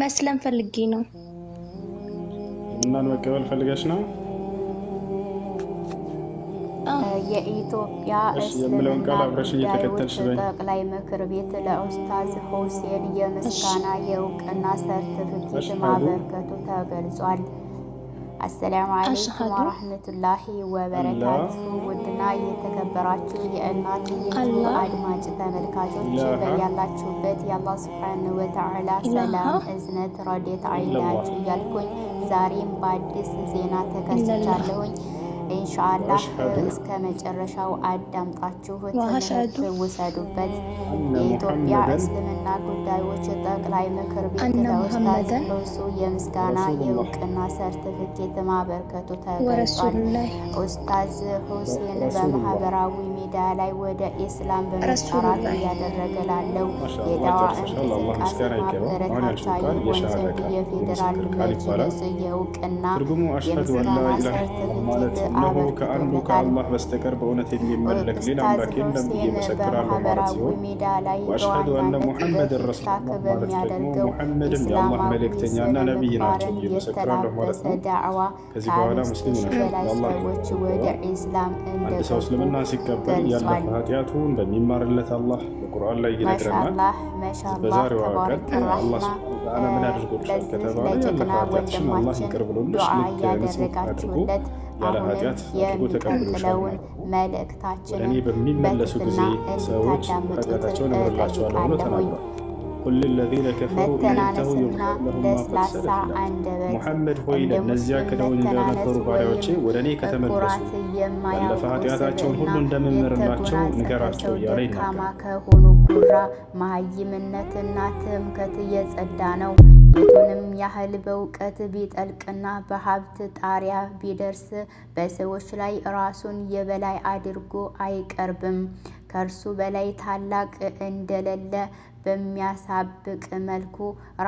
መስለን ፈልጌ ነው። እናን መቀበል ፈልገሽ ነው? የኢትዮጵያ የምለውን ቃል አብረሽ እየተከተልሽ ጠቅላይ ምክር ቤት ለኡስታዝ ሁሴን የምስጋና የእውቅና ሰርቲፊኬት ማበርከቱ ተገልጿል። አሰላሙ አለይኩም ወራህመቱላሂ ወበረካቱ። ውድና የተከበራችሁ የእናት የቱ አድማጭ ተመልካቾች በያላችሁበት የአላህ ሱብሓነሁ ወተዓላ ሰላም፣ እዝነት፣ ረዴት አይለያችሁ እያልኩኝ ዛሬም በአዲስ ዜና ተከስቻለሁኝ። ኢንሻአላህ እስከ መጨረሻው አዳምጣችሁ ትምህርት ውሰዱበት። የኢትዮጵያ እስልምና ጉዳዮች ጠቅላይ ምክር ቤት ለኡስታዝ ሎሱ የምስጋና የእውቅና ሰርቲፊኬት ማበርከቱ ተገልጿል። ኡስታዝ ሁሴን በማህበራዊ ሚዲያ ላይ ወደ ኢስላም በመጣራት እያደረገ ላለው የዳዋ እንቅስቃሴ ማበረታቻ ይሆን ዘንድ የፌዴራል መጅልስ የእውቅና የምስጋና ሰርቲፊኬት እነሆ ከአንዱ ከአላህ በስተቀር በእውነት የሚመለክ ሌላ አምላክ የለም ብዬ መሰክራለሁ ማለት ሲሆን ወአሽሀዱ አነ ሙሐመድን ረሱሉላህ ማለት ደግሞ ሙሐመድም የአላህ መልእክተኛና ነቢይ ናቸው ብዬ መሰክራለሁ ማለት ነው። ከዚህ በኋላ ሙስሊም አንድ ሰው እስልምና ሲቀበል ያለፈ ኃጢአቱን በሚማርለት አላህ በቁርአን ላይ ይነግረናል። በዛሬዋ ቀን አላህ ሱብሓነሁ ወተዓላ ምን አድርጎልሻል ከተባለ ያለፈ ኃጢአትሽን አላህ ይቅር ብሎልሽ ልክ ንጹህ አድርጎ አሁንም የምንቀበለውን መልእክታችንን በትህትና እንድታዳምጡት እጠይቃለሁኝ። መተናነስና ለስላሳ አንደበት እንደ መተናነስ ወይም በኩራት የማያወጡትንና የተጎናጸፉትን ደካማ ከሆኑ ጉራ መሃይምነትና ትምክህት የጸዳ ነው። ቤቱንም ያህል በእውቀት ቢጠልቅና በሀብት ጣሪያ ቢደርስ በሰዎች ላይ ራሱን የበላይ አድርጎ አይቀርብም። ከእርሱ በላይ ታላቅ እንደሌለ በሚያሳብቅ መልኩ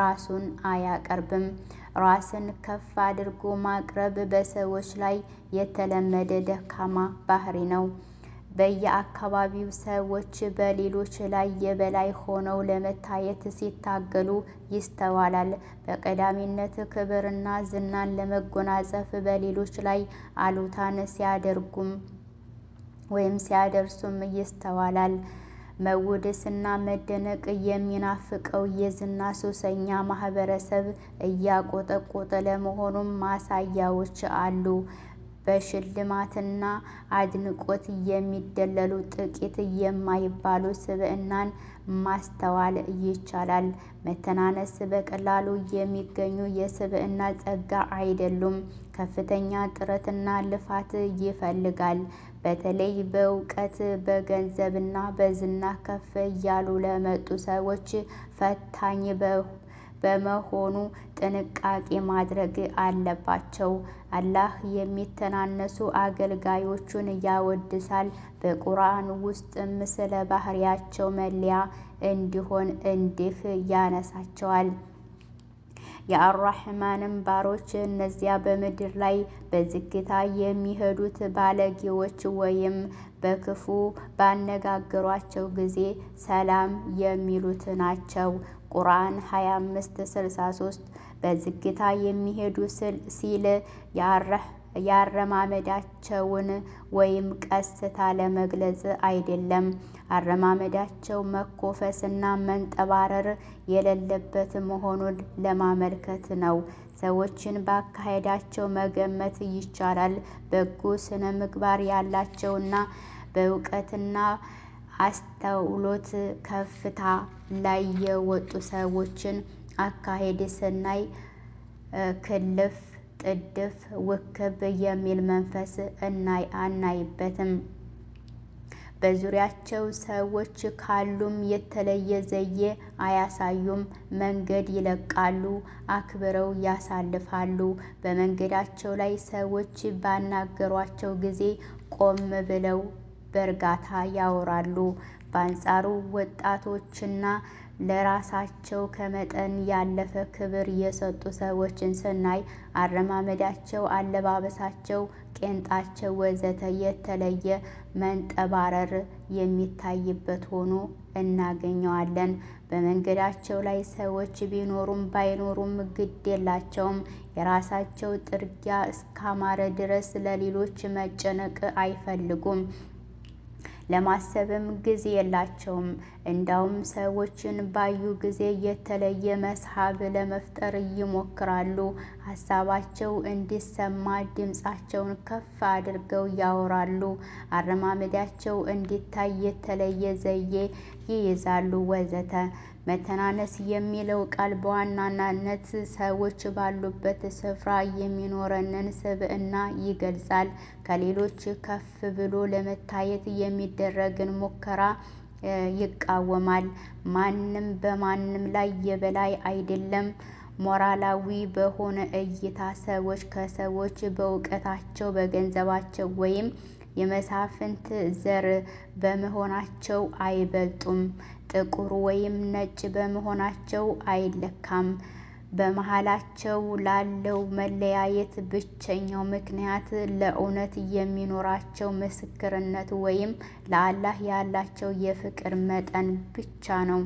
ራሱን አያቀርብም። ራስን ከፍ አድርጎ ማቅረብ በሰዎች ላይ የተለመደ ደካማ ባህሪ ነው። በየአካባቢው ሰዎች በሌሎች ላይ የበላይ ሆነው ለመታየት ሲታገሉ ይስተዋላል። በቀዳሚነት ክብርና ዝናን ለመጎናጸፍ በሌሎች ላይ አሉታን ሲያደርጉም ወይም ሲያደርሱም ይስተዋላል። መወደስና መደነቅ የሚናፍቀው የዝና ሱሰኛ ማህበረሰብ እያቆጠቆጠ ለመሆኑም ማሳያዎች አሉ። በሽልማትና አድንቆት የሚደለሉ ጥቂት የማይባሉ ስብዕናን ማስተዋል ይቻላል። መተናነስ በቀላሉ የሚገኙ የስብዕና ጸጋ አይደሉም፤ ከፍተኛ ጥረትና ልፋት ይፈልጋል። በተለይ በእውቀት፣ በገንዘብና በዝና ከፍ እያሉ ለመጡ ሰዎች ፈታኝ በመሆኑ ጥንቃቄ ማድረግ አለባቸው። አላህ የሚተናነሱ አገልጋዮቹን ያወድሳል። በቁርአን ውስጥም ስለ ባህሪያቸው መለያ እንዲሆን እንዲህ ያነሳቸዋል። የአራሕማንም ባሮች እነዚያ በምድር ላይ በዝግታ የሚሄዱት ባለጌዎች ወይም በክፉ ባነጋገሯቸው ጊዜ ሰላም የሚሉት ናቸው። ቁርአን 63 በዝግታ የሚሄዱ ሲል ያረህ የአረማመዳቸውን ወይም ቀስታ ለመግለጽ አይደለም። አረማመዳቸው መኮፈስና መንጠባረር የሌለበት መሆኑን ለማመልከት ነው። ሰዎችን በአካሄዳቸው መገመት ይቻላል። በጎ ስነ ምግባር ያላቸውና በእውቀትና አስተውሎት ከፍታ ላይ የወጡ ሰዎችን አካሄድ ስናይ ክልፍ ጥድፍ ውክብ የሚል መንፈስ እናይ አናይበትም። በዙሪያቸው ሰዎች ካሉም የተለየ ዘዬ አያሳዩም። መንገድ ይለቃሉ፣ አክብረው ያሳልፋሉ። በመንገዳቸው ላይ ሰዎች ባናገሯቸው ጊዜ ቆም ብለው በእርጋታ ያወራሉ። በአንጻሩ ወጣቶችና ለራሳቸው ከመጠን ያለፈ ክብር የሰጡ ሰዎችን ስናይ አረማመዳቸው፣ አለባበሳቸው፣ ቄንጣቸው ወዘተ የተለየ መንጠባረር የሚታይበት ሆኖ እናገኘዋለን። በመንገዳቸው ላይ ሰዎች ቢኖሩም ባይኖሩም ግድ የላቸውም። የራሳቸው ጥርጊያ እስካማረ ድረስ ለሌሎች መጨነቅ አይፈልጉም። ለማሰብም ጊዜ የላቸውም። እንዳውም ሰዎችን ባዩ ጊዜ የተለየ መስሀብ ለመፍጠር ይሞክራሉ። ሀሳባቸው እንዲሰማ ድምፃቸውን ከፍ አድርገው ያወራሉ። አረማመዳቸው እንዲታይ የተለየ ዘዬ ይይዛሉ ወዘተ። መተናነስ የሚለው ቃል በዋናነት ሰዎች ባሉበት ስፍራ የሚኖረንን ስብዕና ይገልጻል። ከሌሎች ከፍ ብሎ ለመታየት የሚደረግን ሙከራ ይቃወማል። ማንም በማንም ላይ የበላይ አይደለም። ሞራላዊ በሆነ እይታ ሰዎች ከሰዎች በእውቀታቸው፣ በገንዘባቸው ወይም የመሳፍንት ዘር በመሆናቸው አይበልጡም፣ ጥቁር ወይም ነጭ በመሆናቸው አይለካም። በመሃላቸው ላለው መለያየት ብቸኛው ምክንያት ለእውነት የሚኖራቸው ምስክርነት ወይም ለአላህ ያላቸው የፍቅር መጠን ብቻ ነው።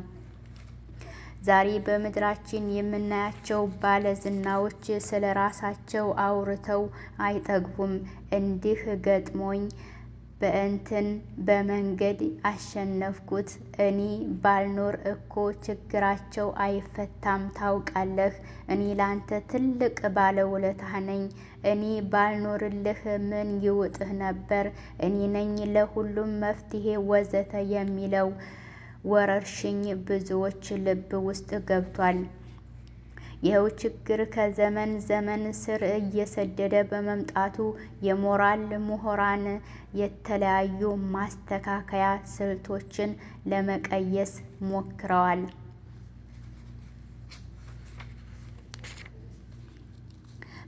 ዛሬ በምድራችን የምናያቸው ባለዝናዎች ስለ ራሳቸው አውርተው አይጠግቡም። እንዲህ ገጥሞኝ በእንትን በመንገድ አሸነፍኩት እኔ ባልኖር እኮ ችግራቸው አይፈታም ታውቃለህ። እኔ ላንተ ትልቅ ባለውለታህ ነኝ። እኔ ባልኖርልህ ምን ይውጥህ ነበር? እኔ ነኝ ለሁሉም መፍትሄ ወዘተ የሚለው ወረርሽኝ ብዙዎች ልብ ውስጥ ገብቷል። ይኸው ችግር ከዘመን ዘመን ስር እየሰደደ በመምጣቱ የሞራል ምሁራን የተለያዩ ማስተካከያ ስልቶችን ለመቀየስ ሞክረዋል።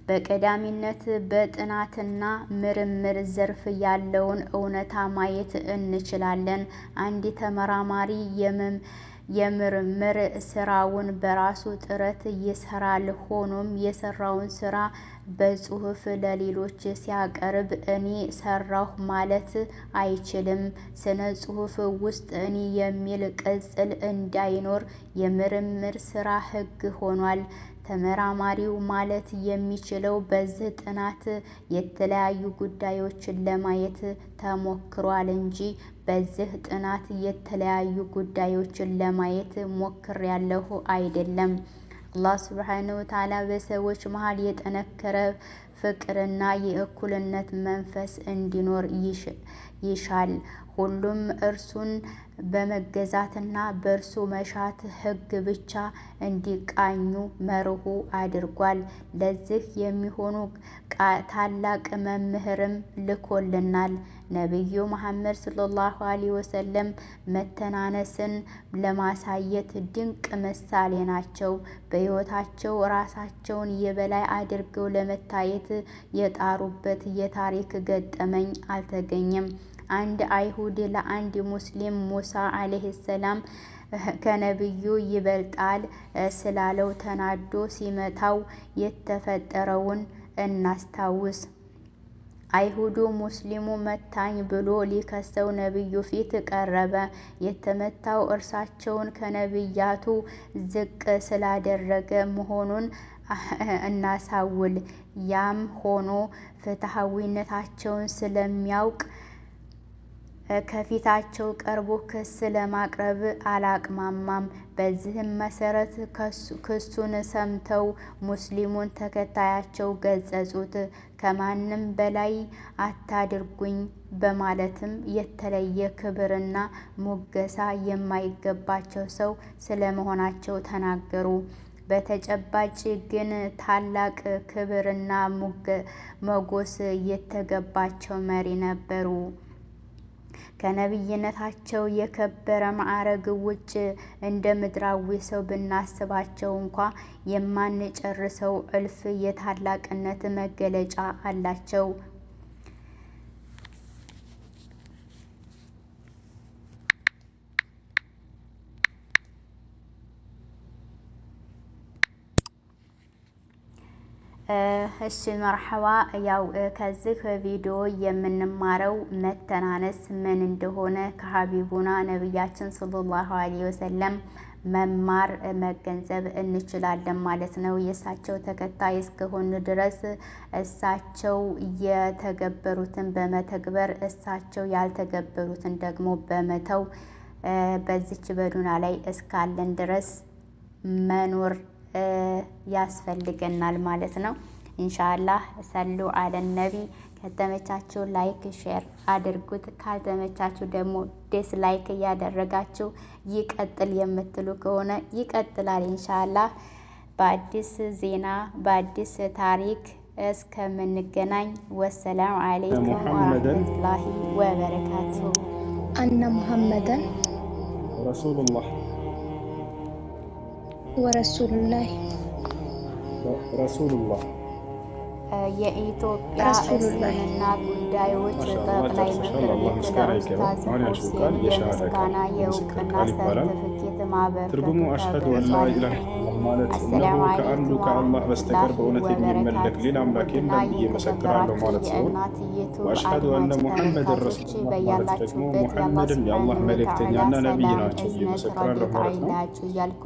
በቀዳሚነት በጥናትና ምርምር ዘርፍ ያለውን እውነታ ማየት እንችላለን። አንድ ተመራማሪ የምርምር ስራውን በራሱ ጥረት ይሰራል። ሆኖም የሰራውን ስራ በጽሁፍ ለሌሎች ሲያቀርብ "እኔ ሰራሁ" ማለት አይችልም። ስነ ጽሁፍ ውስጥ "እኔ" የሚል ቅጽል እንዳይኖር የምርምር ስራ ህግ ሆኗል። ተመራማሪው ማለት የሚችለው በዚህ ጥናት የተለያዩ ጉዳዮችን ለማየት ተሞክሯል እንጂ በዚህ ጥናት የተለያዩ ጉዳዮችን ለማየት ሞክር ያለሁ አይደለም። አላህ ሱብሓነሁ ወተዓላ በሰዎች መሃል የጠነከረ ፍቅርና የእኩልነት መንፈስ እንዲኖር ይሻል። ሁሉም እርሱን በመገዛትና በእርሱ መሻት ሕግ ብቻ እንዲቃኙ መርሁ አድርጓል። ለዚህ የሚሆኑ ታላቅ መምህርም ልኮልናል። ነቢዩ መሐመድ ሰለላሁ ዐለይሂ ወሰለም መተናነስን ለማሳየት ድንቅ ምሳሌ ናቸው። በሕይወታቸው ራሳቸውን የበላይ አድርገው ለመታየት የጣሩበት የታሪክ ገጠመኝ አልተገኘም። አንድ አይሁድ ለአንድ ሙስሊም ሙሳ ዓለይሂ ሰላም ከነብዩ ይበልጣል ስላለው ተናዶ ሲመታው የተፈጠረውን እናስታውስ። አይሁዱ ሙስሊሙ መታኝ ብሎ ሊከሰው ነብዩ ፊት ቀረበ። የተመታው እርሳቸውን ከነብያቱ ዝቅ ስላደረገ መሆኑን እና ሳውል ያም ሆኖ ፍትሐዊነታቸውን ስለሚያውቅ ከፊታቸው ቀርቦ ክስ ለማቅረብ አላቅማማም። በዚህም መሰረት ክሱን ሰምተው ሙስሊሙን ተከታያቸው ገጸጹት ከማንም በላይ አታድርጉኝ በማለትም የተለየ ክብርና ሙገሳ የማይገባቸው ሰው ስለመሆናቸው ተናገሩ። በተጨባጭ ግን ታላቅ ክብርና ሞገስ የተገባቸው መሪ ነበሩ። ከነቢይነታቸው የከበረ ማዕረግ ውጭ እንደ ምድራዊ ሰው ብናስባቸው እንኳ የማንጨርሰው እልፍ የታላቅነት መገለጫ አላቸው። እሺ መርሐባ ያው ከዚህ ቪዲዮ የምንማረው መተናነስ ምን እንደሆነ ከሀቢቡና ነቢያችን ሰለላሁ ዐለይሂ ወሰለም መማር መገንዘብ እንችላለን ማለት ነው። የእሳቸው ተከታይ እስከሆን ድረስ እሳቸው የተገበሩትን በመተግበር እሳቸው ያልተገበሩትን ደግሞ በመተው በዚች በዱና ላይ እስካለን ድረስ መኖር ያስፈልገናል ማለት ነው። ኢንሻአላህ ሰሉ አለ ነቢ። ከተመቻችሁ ላይክ ሼር አድርጉት። ካልተመቻችሁ ደግሞ ዴስ ላይክ እያደረጋችሁ ይቀጥል የምትሉ ከሆነ ይቀጥላል ኢንሻአላህ። በአዲስ ዜና በአዲስ ታሪክ እስከምንገናኝ ወሰላም አለይኩም ወራህመቱላሂ ወበረካቱ። አነ ሙሐመደን ረሱሉላህ ወረሱሉላህ ረሱሉላህ የኢትዮጵያ እስልምና ጉዳዮች ጠቅላይ ምክር ቤት ለኡስታዝ ሁሴን የምስጋና የእውቅና ሰርተፍኬት ማበርከት ማለት እነሆ ከአንዱ ከአላህ በስተቀር በእውነት የሚመለክ ሌላ አምላክ የለም ብዬ መሰክራለሁ ማለት ሲሆን ወአሽሀዱ አነ ሙሐመድን ረሱሉላህ ማለት ደግሞ ሙሐመድም የአላህ መልእክተኛና ነቢይ ናቸው ብዬ መሰክራለሁ ማለት ነው።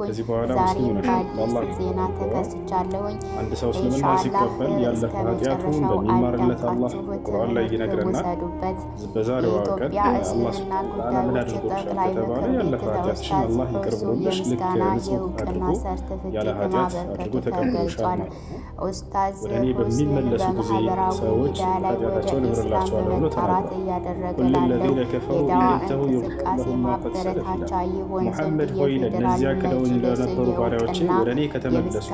ከዚህ በኋላ ሙስሊም ነሽ። ለአላህ አንድ ሰው እስልምና ሲቀበል ያለፈ ኃጢአቱ እንደሚማርለት አላህ ቁርአን ላይ ይነግረናል። በዛሬዋ ቀን አላህ ሱብሓነሁ ወተዓላ ምን አድርጎልሻል ከተባለ ያለፈ ኃጢአትሽን አላህ ይቅር ብሎልሽ ልክ ንጹህ አድርጎ ያለ ኃጢአት አድርጎ ተቀብሎሻል። ወደ እኔ በሚመለሱ ጊዜ ሰዎች ኃጢአታቸውን እምርላቸዋለሁ ብሎ ሙሐመድ ሆይ ለእነዚያ ክደውኝ ለነበሩ ወደ እኔ ከተመለሱ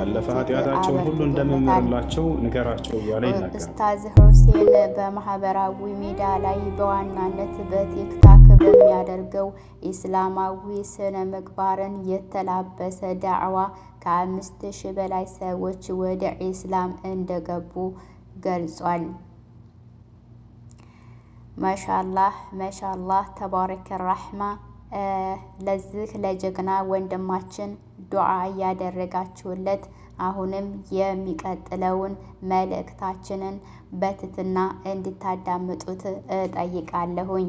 ያለፈ ኃጢአታቸውን ሁሉ እንደምምርላቸው ንገራቸው እያለ ይናገራል። ኡስታዝ ሁሴን በማህበራዊ ሚዲያ ላይ በዋናነት በቲክታ በሚያደርገው ኢስላማዊ ስነ ምግባርን የተላበሰ ዳዕዋ ከአምስት ሺህ በላይ ሰዎች ወደ ኢስላም እንደገቡ ገልጿል። ማሻላህ መሻላህ ተባረከ ራህማ ለዚህ ለጀግና ወንድማችን ዱዓ እያደረጋችሁለት አሁንም የሚቀጥለውን መልእክታችንን በትትና እንድታዳምጡት እጠይቃለሁኝ።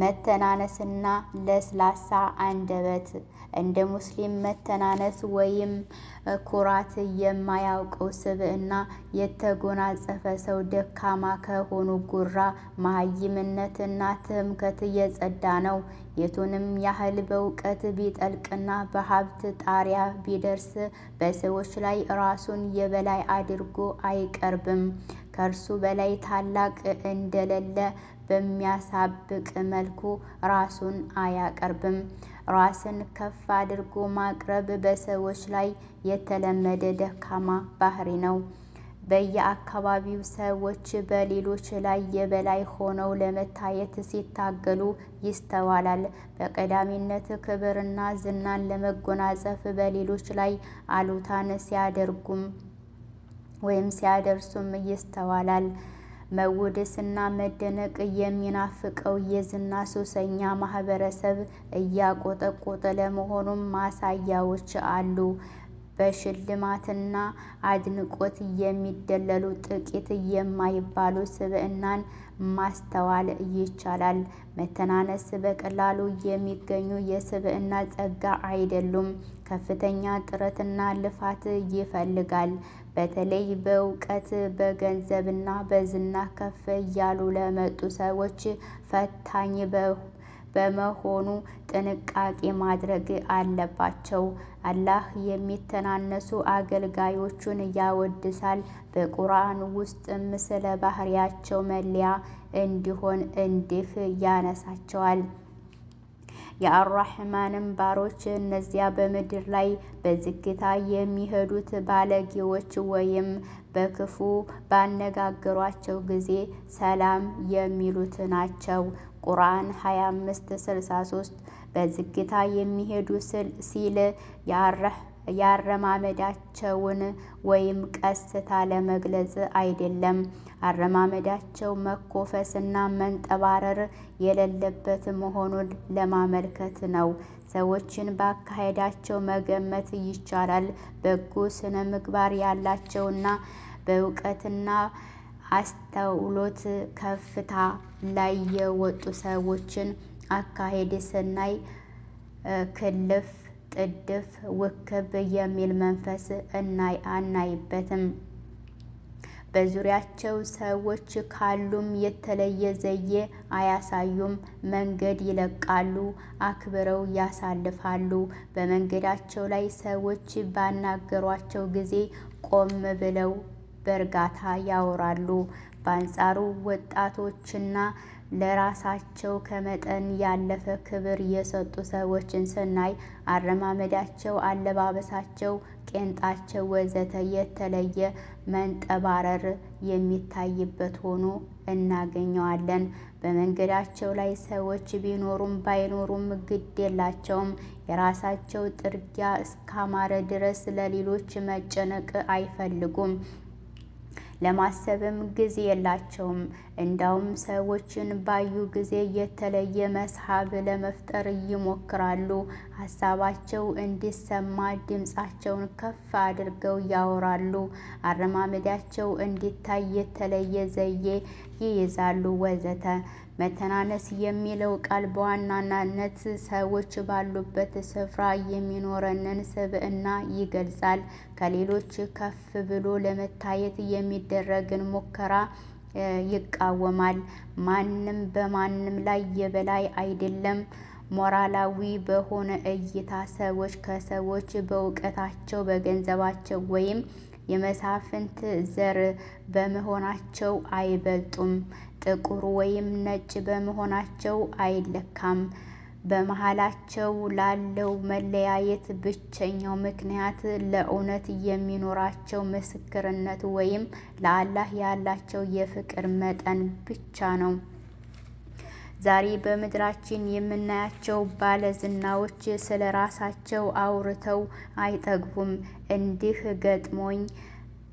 መተናነስና ለስላሳ አንደበት እንደ ሙስሊም መተናነስ ወይም ኩራት የማያውቀው ስብዕና የተጎናጸፈ ሰው ደካማ ከሆኑ ጉራ፣ መሃይምነትና ትምከት የጸዳ ነው። የቱንም ያህል በእውቀት ቢጠልቅና በሀብት ጣሪያ ቢደርስ በሰዎች ላይ ራሱን የበላይ አድርጎ አይቀርብም። ከእርሱ በላይ ታላቅ እንደሌለ በሚያሳብቅ መልኩ ራሱን አያቀርብም። ራስን ከፍ አድርጎ ማቅረብ በሰዎች ላይ የተለመደ ደካማ ባህሪ ነው። በየአካባቢው ሰዎች በሌሎች ላይ የበላይ ሆነው ለመታየት ሲታገሉ ይስተዋላል። በቀዳሚነት ክብርና ዝናን ለመጎናጸፍ በሌሎች ላይ አሉታን ሲያደርጉም ወይም ሲያደርሱም ይስተዋላል። መወደስና መደነቅ የሚናፍቀው የዝና ሱሰኛ ማህበረሰብ እያቆጠቆጠ ለመሆኑም ማሳያዎች አሉ። በሽልማትና አድንቆት የሚደለሉ ጥቂት የማይባሉ ስብዕናን ማስተዋል ይቻላል። መተናነስ በቀላሉ የሚገኙ የስብዕና ጸጋ አይደሉም፤ ከፍተኛ ጥረትና ልፋት ይፈልጋል። በተለይ በእውቀት በገንዘብና በዝና ከፍ እያሉ ለመጡ ሰዎች ፈታኝ በመሆኑ ጥንቃቄ ማድረግ አለባቸው። አላህ የሚተናነሱ አገልጋዮቹን ያወድሳል። በቁርአን ውስጥም ስለ ባህሪያቸው መለያ እንዲሆን እንዲህ ያነሳቸዋል። የአራህማንም ባሮች እነዚያ በምድር ላይ በዝግታ የሚሄዱት ባለጌዎች ወይም በክፉ ባነጋገሯቸው ጊዜ ሰላም የሚሉት ናቸው። ቁርአን 25 63 በዝግታ የሚሄዱ ሲል የአረህ የአረማመዳቸውን ወይም ቀስታ ለመግለጽ አይደለም። አረማመዳቸው መኮፈስና መንጠባረር የሌለበት መሆኑን ለማመልከት ነው። ሰዎችን በአካሄዳቸው መገመት ይቻላል። በጎ ስነ ምግባር ያላቸውና በእውቀትና አስተውሎት ከፍታ ላይ የወጡ ሰዎችን አካሄድ ስናይ ክልፍ ጥድፍ ውክብ የሚል መንፈስ እናይ አናይበትም። በዙሪያቸው ሰዎች ካሉም የተለየ ዘዬ አያሳዩም። መንገድ ይለቃሉ፣ አክብረው ያሳልፋሉ። በመንገዳቸው ላይ ሰዎች ባናገሯቸው ጊዜ ቆም ብለው በእርጋታ ያወራሉ። በአንጻሩ ወጣቶችና ለራሳቸው ከመጠን ያለፈ ክብር የሰጡ ሰዎችን ስናይ አረማመዳቸው፣ አለባበሳቸው፣ ቄንጣቸው ወዘተ የተለየ መንጠባረር የሚታይበት ሆኖ እናገኘዋለን። በመንገዳቸው ላይ ሰዎች ቢኖሩም ባይኖሩም ግድ የላቸውም። የራሳቸው ጥርጊያ እስካማረ ድረስ ለሌሎች መጨነቅ አይፈልጉም። ለማሰብም ጊዜ የላቸውም። እንዳውም ሰዎችን ባዩ ጊዜ የተለየ መስሀብ ለመፍጠር ይሞክራሉ። ሀሳባቸው እንዲሰማ ድምፃቸውን ከፍ አድርገው ያወራሉ። አረማመዳቸው እንዲታይ የተለየ ዘዬ ይይዛሉ ወዘተ። መተናነስ የሚለው ቃል በዋናነት ሰዎች ባሉበት ስፍራ የሚኖረንን ስብዕና ይገልጻል። ከሌሎች ከፍ ብሎ ለመታየት የሚደረግን ሙከራ ይቃወማል። ማንም በማንም ላይ የበላይ አይደለም። ሞራላዊ በሆነ እይታ ሰዎች ከሰዎች በእውቀታቸው፣ በገንዘባቸው ወይም የመሳፍንት ዘር በመሆናቸው አይበልጡም። ጥቁር ወይም ነጭ በመሆናቸው አይለካም። በመሃላቸው ላለው መለያየት ብቸኛው ምክንያት ለእውነት የሚኖራቸው ምስክርነት ወይም ለአላህ ያላቸው የፍቅር መጠን ብቻ ነው። ዛሬ በምድራችን የምናያቸው ባለዝናዎች ስለ ራሳቸው አውርተው አይጠግቡም። እንዲህ ገጥሞኝ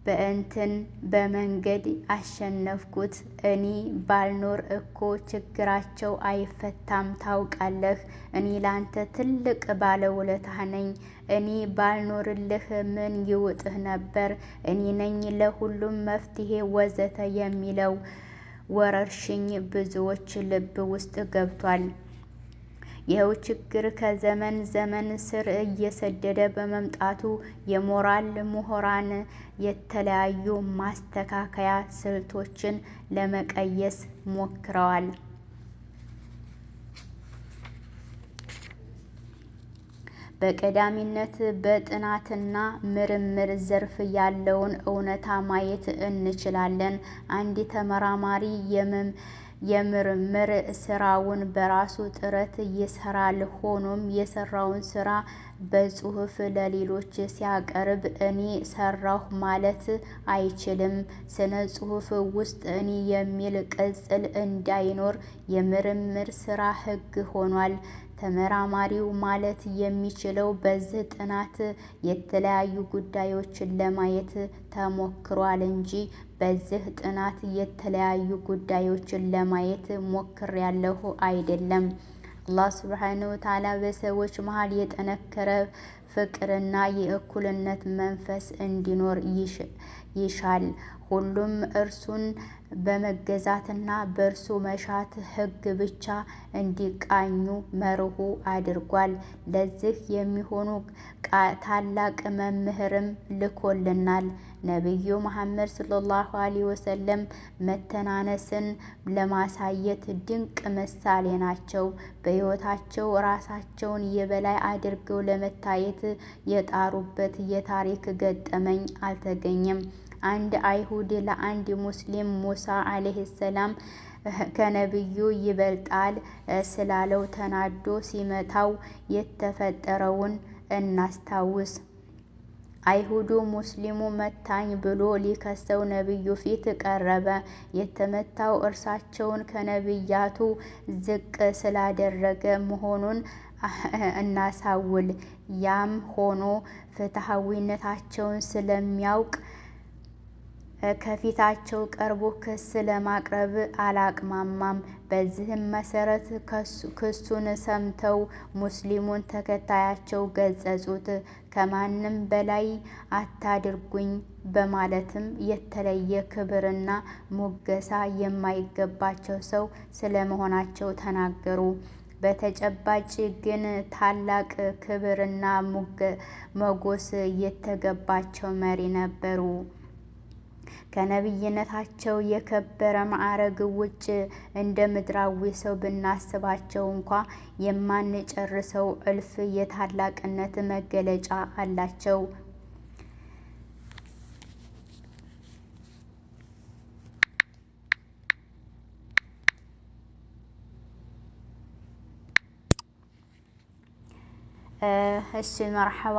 በእንትን በመንገድ አሸነፍኩት እኔ ባልኖር እኮ ችግራቸው አይፈታም ታውቃለህ እኔ ላንተ ትልቅ ባለውለታህ ነኝ እኔ ባልኖርልህ ምን ይውጥህ ነበር እኔ ነኝ ለሁሉም መፍትሄ ወዘተ የሚለው ወረርሽኝ ብዙዎች ልብ ውስጥ ገብቷል ይኸው ችግር ከዘመን ዘመን ስር እየሰደደ በመምጣቱ የሞራል ምሁራን የተለያዩ ማስተካከያ ስልቶችን ለመቀየስ ሞክረዋል። በቀዳሚነት በጥናትና ምርምር ዘርፍ ያለውን እውነታ ማየት እንችላለን። አንድ ተመራማሪ የምርምር ስራውን በራሱ ጥረት ይሰራል። ሆኖም የሰራውን ስራ በጽሁፍ ለሌሎች ሲያቀርብ እኔ ሰራሁ ማለት አይችልም። ስነ ጽሁፍ ውስጥ እኔ የሚል ቅጽል እንዳይኖር የምርምር ስራ ህግ ሆኗል። ተመራማሪው ማለት የሚችለው በዚህ ጥናት የተለያዩ ጉዳዮችን ለማየት ተሞክሯል እንጂ በዚህ ጥናት የተለያዩ ጉዳዮችን ለማየት ሞክር ያለሁ አይደለም። አላህ ሱብሓነሁ ወተዓላ በሰዎች መሀል የጠነከረ ፍቅርና የእኩልነት መንፈስ እንዲኖር ይሻል። ሁሉም እርሱን በመገዛትና በእርሱ መሻት ሕግ ብቻ እንዲቃኙ መርሁ አድርጓል። ለዚህ የሚሆኑ ታላቅ መምህርም ልኮልናል። ነቢዩ መሐመድ ሰለላሁ ዐለይሂ ወሰለም መተናነስን ለማሳየት ድንቅ ምሳሌ ናቸው። በሕይወታቸው ራሳቸውን የበላይ አድርገው ለመታየት የጣሩበት የታሪክ ገጠመኝ አልተገኘም። አንድ አይሁድ ለአንድ ሙስሊም ሙሳ ዓለይሂ ሰላም ከነቢዩ ይበልጣል ስላለው ተናዶ ሲመታው የተፈጠረውን እናስታውስ። አይሁዱ ሙስሊሙ መታኝ ብሎ ሊከሰው ነቢዩ ፊት ቀረበ። የተመታው እርሳቸውን ከነቢያቱ ዝቅ ስላደረገ መሆኑን እናሳውል። ያም ሆኖ ፍትሐዊነታቸውን ስለሚያውቅ ከፊታቸው ቀርቦ ክስ ለማቅረብ አላቅማማም። በዚህም መሰረት ክሱን ሰምተው ሙስሊሙን ተከታያቸው ገጸጹት ከማንም በላይ አታድርጉኝ በማለትም የተለየ ክብርና ሞገሳ የማይገባቸው ሰው ስለመሆናቸው ተናገሩ። በተጨባጭ ግን ታላቅ ክብርና ሞገስ የተገባቸው መሪ ነበሩ። ከነቢይነታቸው የከበረ ማዕረግ ውጭ እንደ ምድራዊ ሰው ብናስባቸው እንኳ የማንጨርሰው እልፍ የታላቅነት መገለጫ አላቸው። እሺ መርሐባ